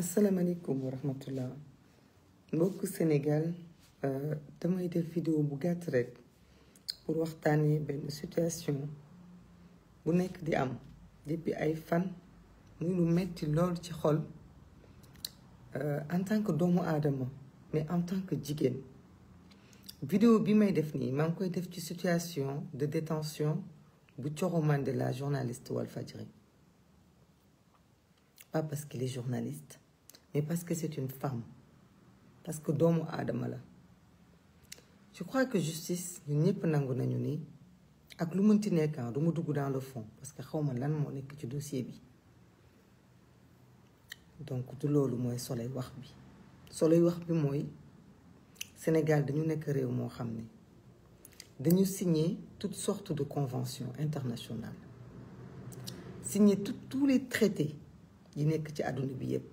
asalaamaaleykum wa rahmatullah mbokk Sénégal euh, damay def vidéo bu gàtt rek pour waxtaanee benn situation bu nekk di am depuis ay fan muy lu metti lool ci xol euh, en tant que doomu aadama mais en tant que jigéen vidéo bi may def nii maa ngi koy def ci situation de détention bu Coro Mandela journaliste Walfadjri pas parce que qu'il est journaliste mais parce que c'est une femme parce que doomu aadama la je crois que justice ñun ñëpp nangu nañu ni ak lu mënti nekkan ah, du ma dugg dans le fond parce que xawma lan moo nekk ci dossier bi donc du loolu mooy soloy wax bi soloy wax bi mooy Sénégal dañu nekk réew moo xam ne dañu signer toute sortes de conventions internationales signer tous les traités yi nekk ci àdduna bi yépp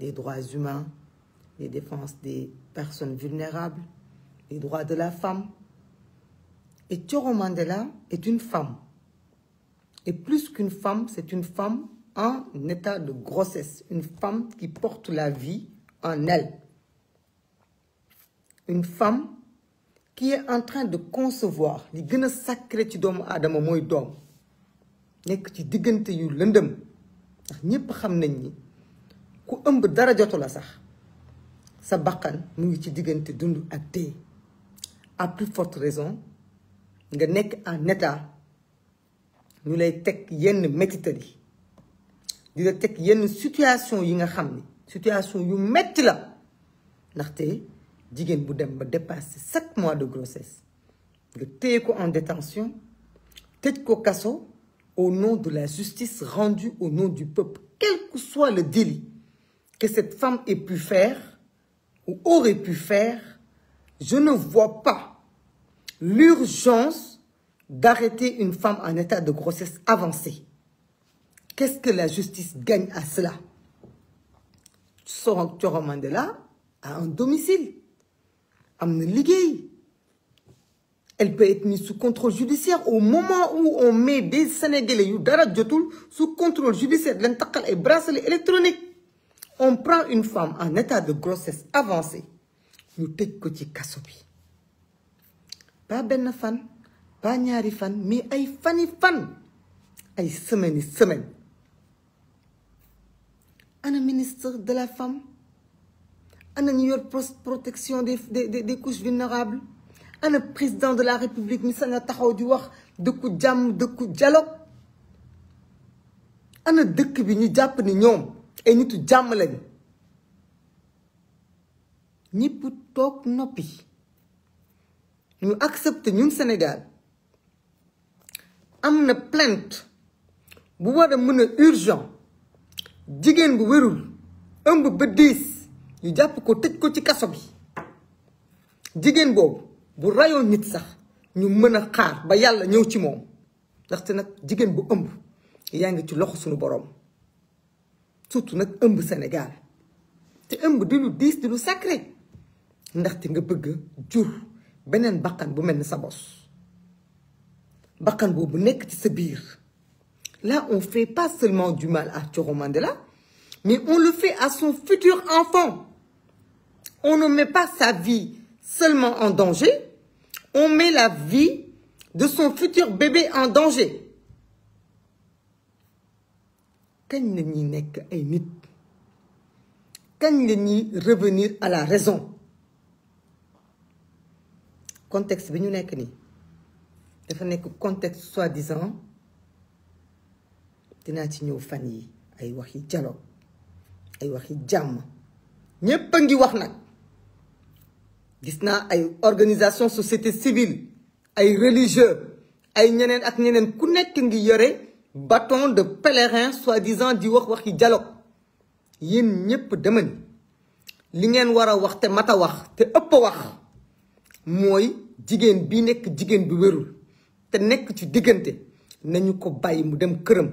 les droits humains les défenses des personnes vulnérables les droits de la femme et Thioro Mandela est une femme et plus qu'une femme c'est une femme en état de grossesse une femme qui porte la vie en elle une femme qui est en train de concevoir li gën a sacré ci doomu aadama mooy doom nekk ci diggante yu lëndëm ndax ñépp xam nañ ni ku ëmb dara jotu la sax sa baqan mu ngi ci diggante dund ak dee à plus forte raison nga nekk en état ñu lay teg yenn métital yi di la teg yenn situation yi nga xam ni situation yu metti la ndaxte jigéen bu dem ba dépasser sept mois de grossesse nga téye ko en détention tëj ko kaso au nom de la justice rendue au nom du peuple, quel que soit le délit que cette femme ait pu faire ou aurait pu faire, je ne vois pas l'urgence d'arrêter une femme en état de grossesse avancée. Qu'est-ce que la justice gagne à cela Soro Mandela a un domicile liggéey elle peut être mise sous contrôle judiciaire au moment où on met des Sénégalais yu dara jotul sous contrôle judiciaire dañ taqal ay bracelet électronique on prend une femme en état de grossesse avancée ñu tëj ko ci kaso pas benn fan pas ñaari fan mais ay fani fan ay semaine yi semaine ana ministre de la femme ana ñu yor protection des des des couches vulnérables ana président de la république mi sañ a taxaw di wax dëkku jàmm dëkku jalo ana dëkk bi ñu jàpp ni ñoom ay nitu jàmm lañu ñëpp toog noppi ñu accepté ñun Sénégal am na plainte bu war a mën a urgent jigéen bu wérul ëmb ba diis ñu jàpp ko tëj ko ci kaso bi jigéen boobu bu rayoon nit sax ñu mën a xaar ba yàlla ñëw ci moom ndaxte nag jigéen bu ëmb yaa ngi ci loxo suñu boroom surtout nag ëmb Sénégal te ëmb di lu diis di lu sacré ndaxte nga bëgg jur beneen bakkan bu mel ni sa bos bakkan boobu nekk ci sa biir là on fait pas seulement du mal à Thioro Mandela mais on le fait à son futur enfant on ne met pas sa vie seulement en danger, on met la vie de son futur bébé en danger. kañ la nekk ay nit kañ la ñuy revenir à la raison contexte bi ñu nekk ni dafa nekk contexte soi-disant dinaa ci ñëw fan yi ay waxi dialogue ay waxi jàmm ñépp a ngi wax nag gis naa ay organisation société civile ay religieux ay ñeneen ak ñeneen ku nekk ngi yore bâton de pèlerin soi-disant di wax waxi jaloo yéen ñépp dama li ngeen war a wax te mat a wax te ëpp wax mooy jigéen bi nekk jigéen bi wérul te nekk ci diggante nañu ko bàyyi mu dem këram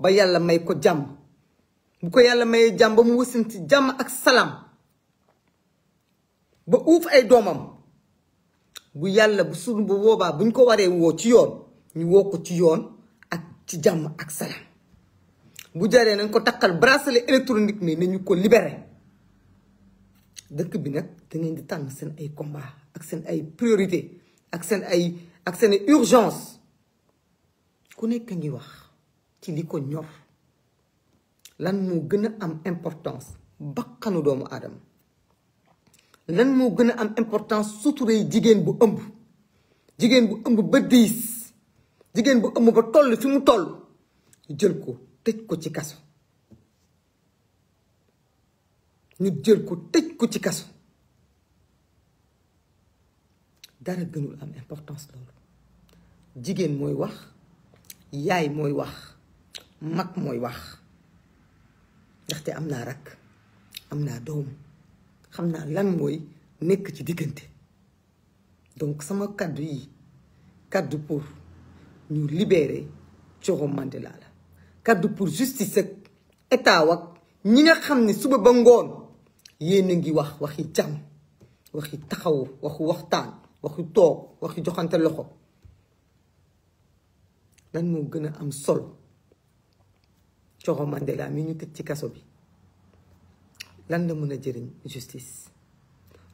ba yàlla may ko jàmm bu ko yàlla mayee jàmm ba mu wasin ci jàmm ak salaam ba uuf ay doomam bu yàlla bu suñu bu boobaa buñ ko waree woo ci yoon ñu woo ko ci yoon ak ci jàmm ak salaam bu jaree nañ ko takkal bracelet électronique mais ñu ko libere dëkk bi nag da ngeen di tànn seen ay combat ak seen ay priorité ak seen ay ak seen urgence ku nekk ngi wax ci li ko ñor lan moo gën a am importance bakkanu doomu aadama lan moo gën a am importance suturee jigéen bu ëmb jigéen bu ëmb ba diis jigéen bu ëmb ba toll fi mu toll jël ko tëj ko ci kaso ñu jël ko tëj ko ci kaso dara gënul am importance loolu jigéen mooy wax yaay mooy wax mag mooy wax ndaxte am naa rakk am naa doom xam naa lan mooy nekk ci diggante donc sama kàddu yi kàddu pour ñu libérer Thioro Mandela la kaddu pour justice ak état wak ñi nga xam ne suba ba ngoon yéen a ngi wax waxi jàmm waxi taxaw waxu waxtaan waxu toog waxi joxante loxo lan moo gën a am solo Thioro Mandela mi ñu tëj ci kaso bi lan la mën a jëriñ justice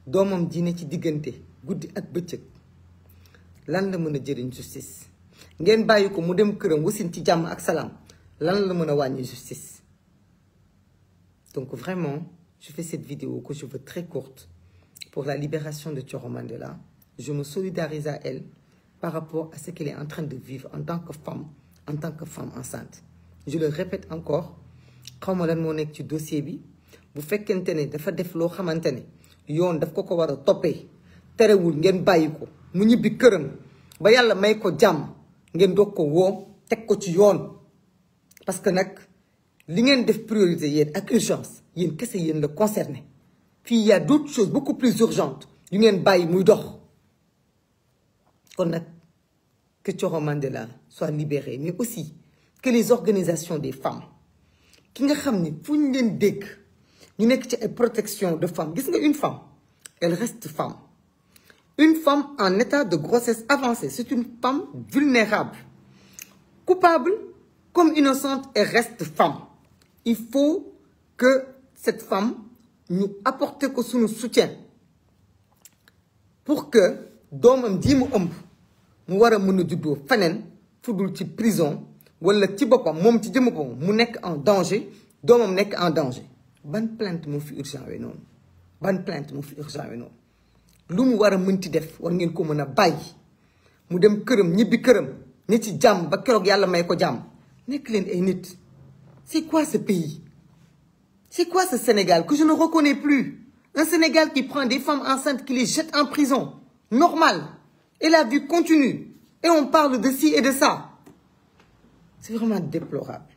doomam ji ne ci diggante guddi ak bëccëg lan la mën a jëriñ justice ngeen bàyyi ko mu dem këram wasin ci jàmm ak salaam lan la mën a wàññi justice donc vraiment je fais cette vidéo que je veux très courte pour la libération de Thioro Mandela je me elle par rapport a ce qu'elle est en train de vivre en tant que femme en tant que femme enceinte je le répète encore xaw ma lan moo nekk ci dossier bi bu fekkente ne dafa def loo xamante ne yoon daf ko ko war a toppee terewul ngeen bàyyi ko mu ñibbi këram ba yàlla may ko jàmm ngeen doog ko woo teg ko ci yoon parce que nag li ngeen def priorité yéen ak urgence yéen kese yéen la concerné fii y a d'autres choses beaucoup plus urgentes yu ngeen bàyyi muy dox kon nag que Thioro Mandela soit libéré mais aussi que les organisations des femmes ki nga xam ni fu ñu leen dégg ñu nekk ci ay protection de femme gis nga une femme elle reste femme une femme en état de grossesse avancée c'est une femme vulnérable coupable comme innocente elle reste femme il faut que cette femme ñu apporter ko suñu soutien pour que doomam ji mu ëmb mu war a mën a juddoo feneen fudul ci prison wala ci boppam moom ci jëm boppam mu nekk en danger doomam nekk en danger ban plainte moo fi urgent we noonu ban plainte moo fi urgent we noonu lu mu war a mënti def war ngeen ko mën a bàyyi mu dem këram ñibbi këram ne ci jàmm ba keroog yàlla may ko jàmm nekk leen ay nit c'est quoi ce pays c'est quoi ce Sénégal que je ne reconnais plus un Sénégal qui prend des femmes enceintes qui les jette en prison normal et la vie continue et on parle de si et de ça c'est vraiment déplorable